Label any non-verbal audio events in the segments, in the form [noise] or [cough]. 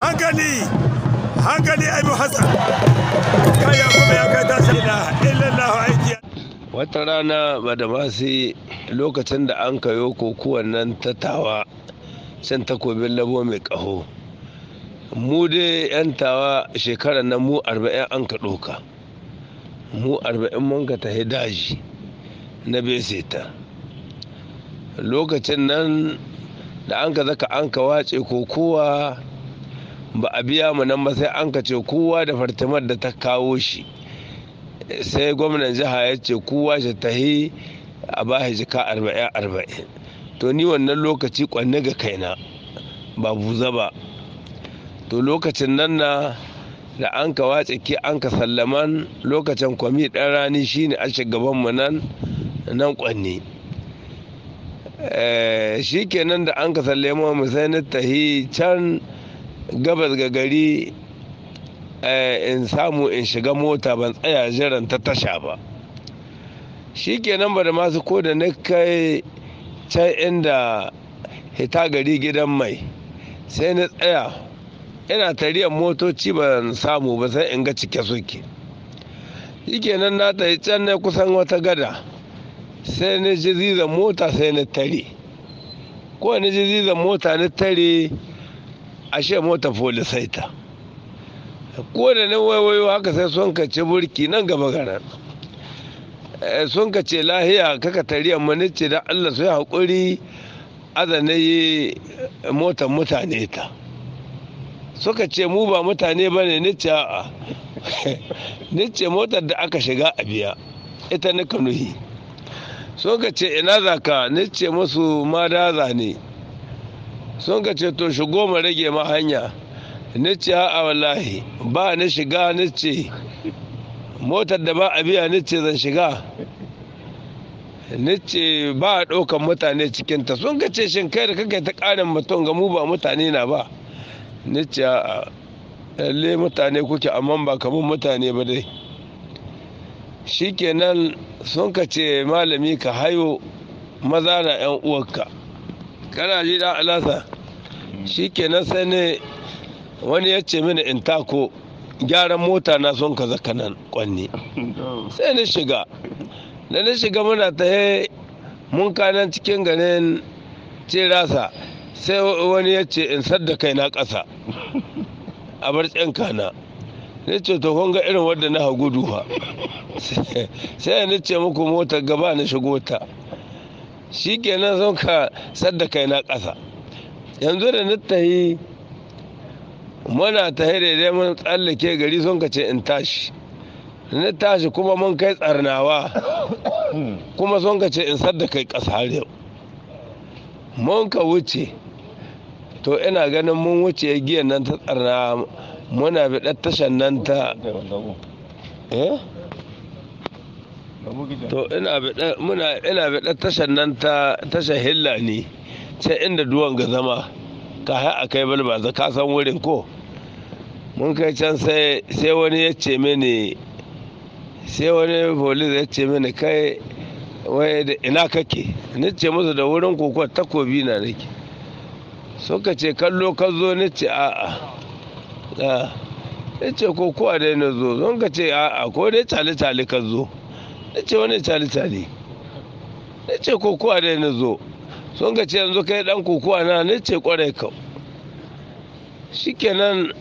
hankali hankali abu hassan kaya kuma ya kai tashi na illallahu aiki wata rana masu lokacin da an kayo kokuwan nan ta tawa shan takobin labo mai kaho. mu dai 'yan tawa shekarar nan mu arba'in an ka ɗoka mu arba'in mun ka tahi daji na beseta lokacin nan da an ka zaka an ka wace kokowa ba a biya mu nan ba sai an ka ce kowa da fartimar da ta kawo shi sai gwamnan jiha ya ce kowa shi tahi a shi jika arba'in arba'in to ni wannan lokaci kwanne ga kaina ba buza ba to lokacin nan na da an ka wace ke an ka sallaman lokacin kwami ɗan rani shine a mu nan nan kwanne eh, shi kenan da an ka sallama mu sai na tahi can gabas ga gari eh, in samu in shiga mota ban tsaya jiran ta tasha ba shi ba da masu ko da na kai can inda hita gari gidan mai sai na tsaya ina tariyar motoci ban samu ba sai in ga cike suke shi nan na ta can na kusan wata gada sai na ji mota sai na tare ko na ji mota na tare ashe mota folisai ta ko da nan waiwayo haka sai sun kace burki nan gaba son eh, sun kace lahiya kaka tariya manice da allah sai yi haƙuri azane yi motar mutane ta suka ce mu ba mutane ba ne nice a [laughs] motar da aka shiga a biya ita na kanuhi suka ce ina zaka nice musu ma da zane sun ka ce to shigo mu rage ma hanya ni ce a wallahi ba ni shiga ni ce motar da ba a biya ni ce zan shiga ni ce ba a ɗaukan mutane cikinta sun ka ce shin kai da kakai ta ƙarin mutum ga mu ba mutane na ba ni ce a mutane kuke amma ba kamar mutane ba dai shikenan sun ka ce malami ka hayo maza na 'yan uwarka kana ji da alasa shi kenan sai ne wani ya ce mini in tako gyaran mota na son ka zaka nan kwanni sai na shiga da na shiga muna ta mun kanan cikin ganin ce rasa sai wani ya ce in sadda kai na ƙasa a bar kana na ce to kunga irin wadda na hagu duha [laughs] sai na ce muku mota gaba na shigo ta shi kenan sun ka sadda kai na ƙasa yanzu da na yi muna hira idan mun tsallake gari sun ka ce in tashi na tashi kuma mun kai tsarnawa kuma sun ka ce in sadda kai ƙasa har yau mun ka wuce to ina ganin mun wuce giyan nan ta tsarnawa muna biɗar tashan nan ta eh to ina biɗa muna ina biɗa tashar nan ta tashar hilla ne ce inda duwan ga zama ka ha akai balba za ka san wurin ko mun kai can sai sai wani ya ce mini sai wani police ya ce mini kai wai da ina kake ni ce musu da wurin kokowa takobi na nake suka ce kallo ka zo ni ce a'a ya ah, ce kokowa dai na zo zon ka ce a'a ko dai tali tali ka zo na ce wani tali ne na ce kokowa dai na zo sun ga ce yanzu kai dan kokowa na na ce kwarai kau shikenan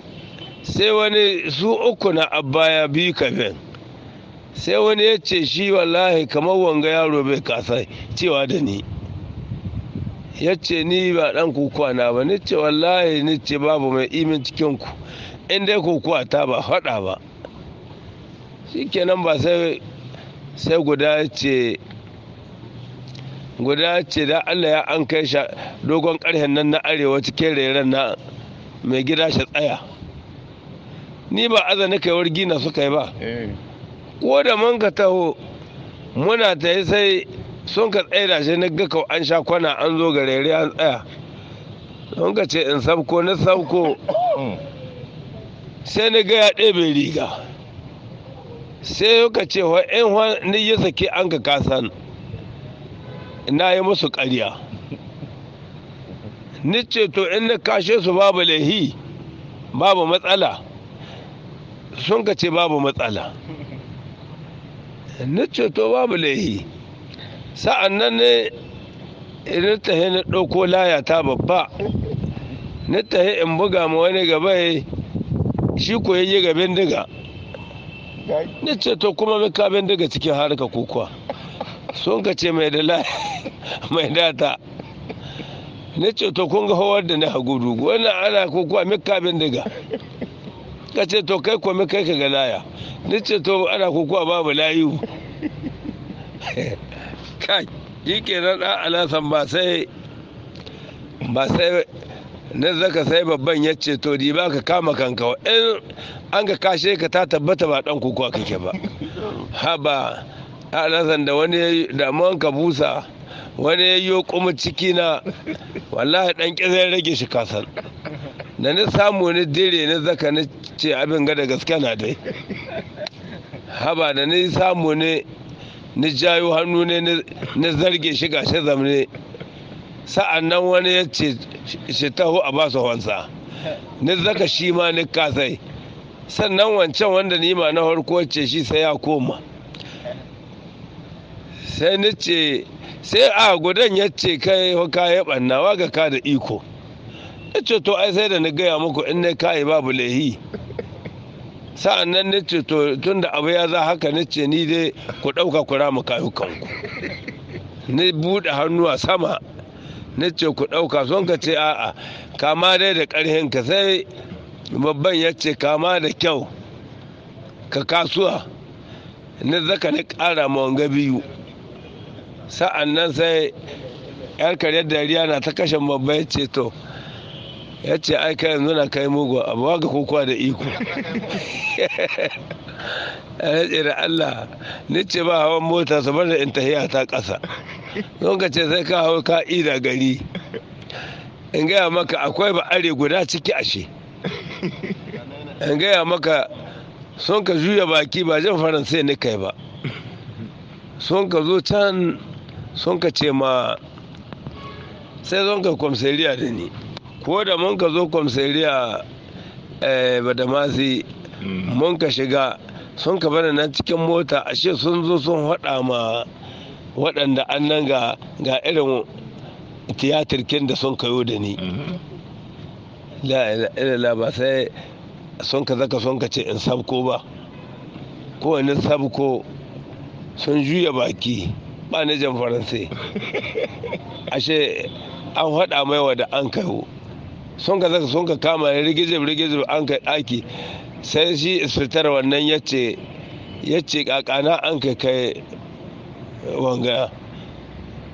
sai wani su uku na abaya biyu kafin sai wani ya ce shi wallahi kamar wanga yaro bai kasa cewa da ni ya ce ni ba dan kokowa na ba na ce wallahi ni ce babu mai imin cikin ku in dai kokowa ta ba faɗa ba shikenan ba sai sai guda ce guda ce da allah ya an kai sha dogon karhen nan na arewa cikin reren na mai gida shi tsaya ni ba azani kaiwar gina suka yi ba eh. ko da mun ka taho muna ta yi sai sun ka tsaye da shi na ga an sha kwana an zo ga rere an tsaya sun ka ce in sabko na sabko mm. sai na ga ya ɗebe riga sai ka ce wa in ni ya sake an ka kasan na yi musu ƙarya [laughs] ni ce to in na kashe su babu laihi babu matsala sun ka ce babu matsala ni ce to babu laihi sa'an nan ne in ta na ɗauko laya ta babba na ta in buga ma wani gaba shi ko yayi gaben diga ne ce to kuma mai kaben daga cikin harka kukuwa sun ka ce mai dala [laughs] mai data ni ce to kun ga hawar da na dugu wannan ana kukuwa mai kaben daga ka ce to kai kuma kai ka ga laya ce to ana kukuwa babu layu [laughs] kai yi kenan ɗan alasan ba sai ba sai za zaka sai babban ya ce to di ba ka kama kanka in an ka kashe ka ta tabbata ba dan kukuwa kake ba haba a da wani damuwan ka busa wani ya yi kuma ciki na wallahi dan zai rage shi kasan da ni samu ni dire ni zaka ni ce abin ga da gaske na dai haba da ni samu ne na jayo hannu ne ni zarge shi gashe zamne sa'an nan wani ya ce shi taho a basu wansa ni zaka shi ma ni kasai sannan wancan wanda ni ma na harko ce shi sai ya koma sai ni ce sai a gudan ya ce kai ka ya bannawa ga ka da iko ya ce to ai sai da ni gaya muku in na kayi babu lehi sa'an nan ni ce to tun da abu ya za haka ni ce ni dai ku ɗauka kura mu kayu kanku ni buɗe hannuwa sama na ce ku ɗauka son ka ce a'a kama dai da ƙarhin ka sai babban ya ce kama da kyau ka kasuwa na zaka na ƙara mawanga biyu sa'an nan sai yar karyar dariya na ta kashe babba ya ce to ya ce ai ka yanzu na kai mugu abu waga kokowa da iko [laughs] ya ce da allah ni ce ba hawan mota saboda in tahiya ta ƙasa lokacin sai ka hau ka ida gari in gaya maka akwai ba are guda ciki ashe in gaya maka sun ka juya baki ba jin faransai ne kai ba sun ka zo can sun ka ce ma sai sun ka kwamsariya da ni ko da mun ka zo kwamsariya eh, ba da masu mm. mun ka shiga sun ka bada nan cikin mota ashe sun zo sun haɗa ma waɗanda an nan ga irin kin da sun kayo da ni mm-hmm. la ba sai sun ka zaka sun ka ce in sabko ba kowane sabko sun juya baki ba na jan faransai [laughs] ashe an haɗa mai wa da an kayo sun ka zaka sun ka kama rigijib rigijib an kai ɗaki sai shi isfitar wannan ya ce ya ce kakana an kai kai wanga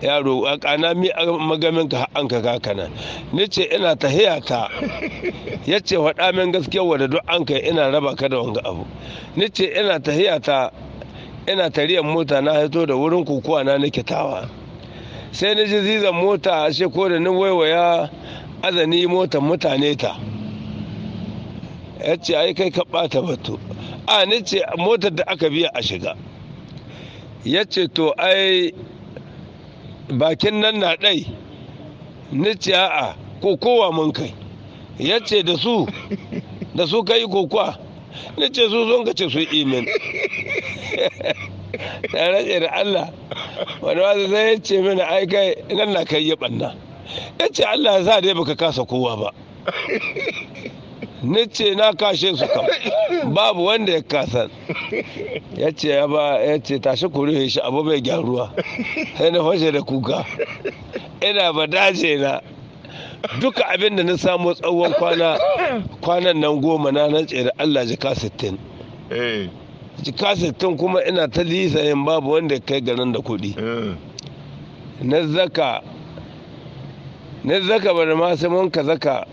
yaro a kana mi magamin ka an ka nan ni ce ina tahiya ta [laughs] ya ce faɗa min gaskiyar wadda duk an kai ina raba ka da wanga abu ni ce ina tahiya ta ina tariyar mota na haito da wurin kukuwa na nake tawa sai ni ji zizan mota a ko da ni waiwaya azani mota mutane ta ya ce ai kai ka ɓata batu a ni ce motar da aka biya a shiga ya ce to ai bakin nan na ɗai ni ce a'a kokowa mun kai ya ce da su da su kai kokowa ni ce su sun ka ce su imin [laughs] na rage da Allah wani wasu zai ya ce mini ai kai nan na kai yi ɓanna ya ce Allah ya sa dai baka kasa kowa ba ni ce na kashe su kawai babu wanda ya kasa ya ce ya ba ya ce tashi kuri rufe shi abu bai gyaruwa sai na fashe da kuka ina ba daje na duka abin da na samu tsawon kwana kwanan nan goma na nan tsere Allah jika sittin eh. jika sittin kuma ina ta yin babu wanda ya kai garin da kuɗi eh. na zaka na zaka bari ma sai mun ka zaka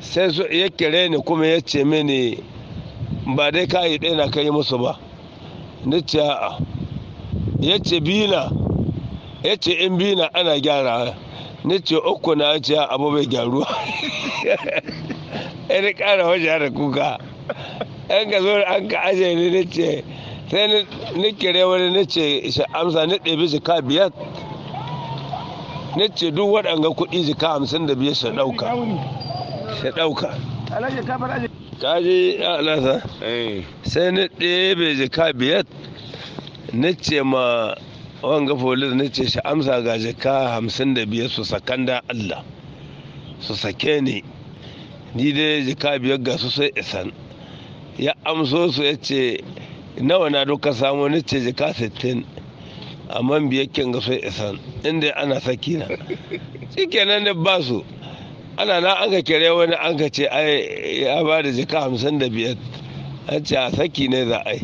sai ya kire ni kuma ya ce mini ba dai kayi ɗaya na kai musu ba na ce a'a ya ce bina ya ce in bina ana gyara na ce uku na ce abu bai gyaru ya [laughs] ni ƙara wajen da kuka yan ga zo an ka ajiye ni na ce sai ni kere wani na ce amsa na ɗebi jika biyar na ce duk waɗanga kuɗi jika hamsin da biyar su ɗauka ɗauka kaji alasa eh. sai ni ɗebe jika biyar na ce ma wanga folis na ce shi amsa ga jika hamsin da biyar su sakan da allah su sake ni ni dai jika biyar ga su sai isan ya amso su ya ce nawa na duka samu na ce jika sittin [laughs] amma biyar ga sai isan inda ana sakina shikenan da ba su ana na an ka kere wani an ka ce ai ya ba da jika hamsin da biyar an ce a saki ne za a yi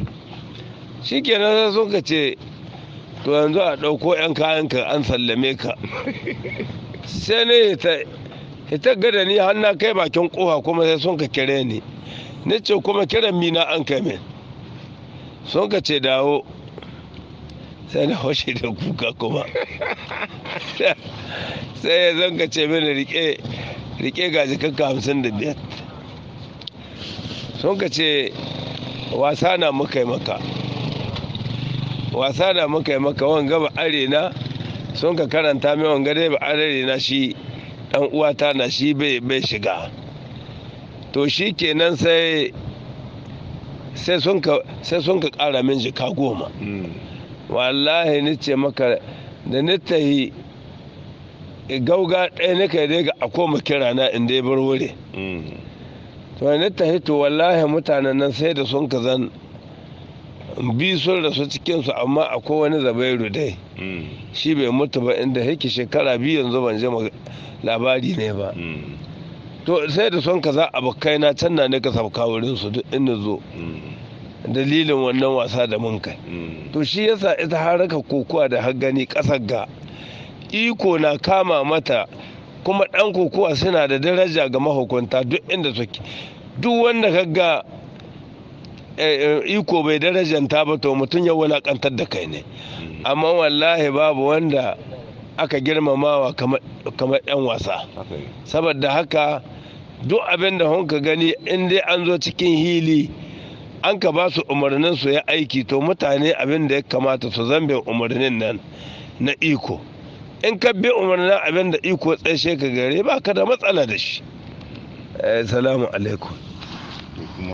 shi kenan sai sun ka ce to yanzu a ɗauko 'yan kayan ka an sallame ka sai ne ita gada ni hannu kai bakin kowa kuma sai sun ka kere ni ni ce kuma kiran mina an kai min sun ka ce dawo sai na hoshe da kuka kuma [laughs] sai ya ka ce mini rike rike ga jikanka hamsin da biyar sun ka ce wasa na muka yi maka wasa na muka yi maka wanga ba arena sun ka karanta mai wanga dai ba arena shi dan uwata na shi bai shiga to shi kenan sai sai sun ka kara min jika goma mm. wallahi ni ce maka da ni Eh, gauga ɗaya na kai daga a koma kira na in dai bar wuri mm. to ne ta hito wallahi mutanen nan sai da sun ka zan bi sun rasu su amma ko wani zabairu dai mm. shi bai mutu ba inda yake shekara biyu yanzu ban je labari ne ba mm. to sai da sun ka za bakai na can na ka sabka wurin su duk inda zo dalilin wannan wasa da mun to shi yasa ita haraka kokowa da har gani kasar ga iko na kama mata kuma ɗan kokowa suna da daraja ga mahukunta duk inda suke duk wanda kaga eh, eh, iko bai darajanta ba to mutum ya wulakantar da kai ne mm. amma wallahi babu wanda aka girmamawa kamar 'yan wasa saboda haka duk abin da hunka gani in dai an zo cikin hili an ka ba su umarnin su ya aiki to mutane abin da ya kamata su zambe umarnin nan na iko in ka bi umarnin abin da iko tsaye ka gare ba ka da matsala da shi eh, salamu alaikum